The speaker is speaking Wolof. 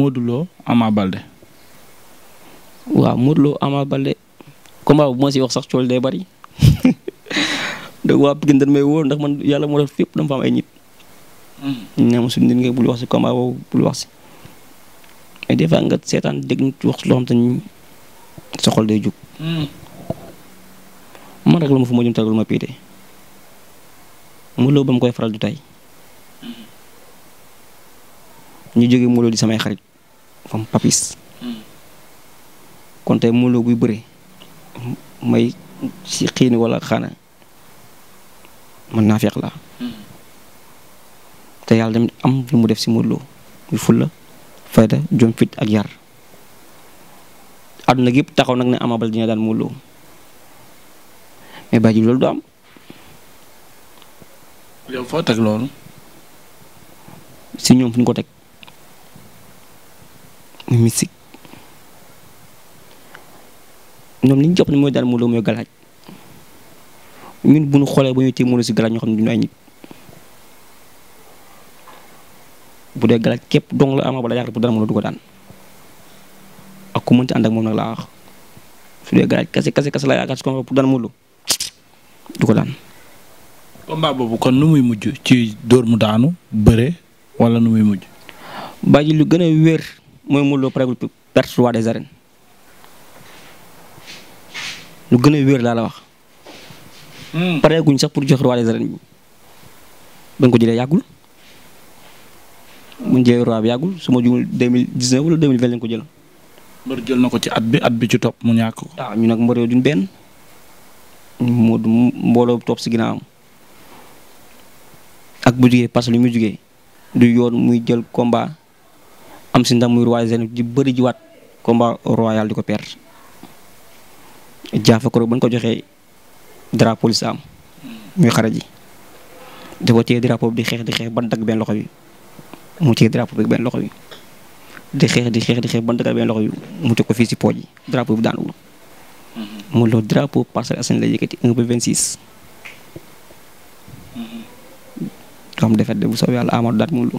Modou Lo Ama Balde. waaw Modou Lo Ama Balde combat ma si wax sax cool day bari da waa Pikine dañ may wóor ndax man yàlla moo def fépp dama fa am nit. ñu hmm. ne ma suñu nit ngay bul wax si combat boobu bul wax si. mais des fois nga seetaan dégg nit wax loo xam te ni sa xol jug. Hmm. man rek lu ma fu ma jëm tàggal ma piite Modou Lo ba mu koy faral du tey. Hmm. ñu jógee Modou Lo samay xarit. fam papis hmm. kon tey Modou Lo buy bëri may si xiini wala xaana man naa feex la hmm. te yàlla tamit am fi mu def si Modou Lo muy fulla fayda jom ak yar àdduna gi taxaw nag ne Ama Baldé dina daan Modou mais bàyyi loolu du am. yow si ñoom fu ñu ko teg. mystique ñoom li ñu jàpp ne mooy daal Modou mooy galaaj ñun bu ñu xoolee ba ñuy téye Modou si galaaj ñoo xam ne duñu ay bu dee galaaj képp dong la Ama Baldé yaakaar bu du ko daan ak ku mënti moom nag laa wax su dee galaaj kase kase kase la yaakaar si ko bu dara Modou du ko daan. combat boobu kon nu muy mujj ci dóor mu daanu bëre wala nu muy mujj. bàyyi lu gën a wér. mooy Modou Lo pareegul perte roi des arènes lu gën a wér laa la wax. Hmm. pareeguñ sax pour jox roi des arènes bi ko jëlee yàggul mu jëlee roi bi yàggul su ma jugul deux wala deux mille lañ ko jël. mbër jël na ko ci at bi at bi ci topp mu ñàkk ko. waaw ah, ñu nag mbër yooyu duñ benn mu mbooloo topp si ginnaawam ak bu jugee parce que lu mu jugee du yoon muy jël combat. am si ndam muy roi bu bari di bëri jiwaat combat royal di ko perdre jaafa ko ba ñu ko joxee drapeau li sa muy xare ji dafa téye drapeau bi di xeex di xeex ban dagg benn loxo bi mu téye drapeau bi benn loxo bi di di xeex di xeex ban dagg benn loxo yu mu teg ko fii si pooj yi drapeau bi daanul mu loolu drapeau Parcelles Assainies la yëkkati 1 ba 26. comme defet de bu soobee yàlla Amadou daat mu lu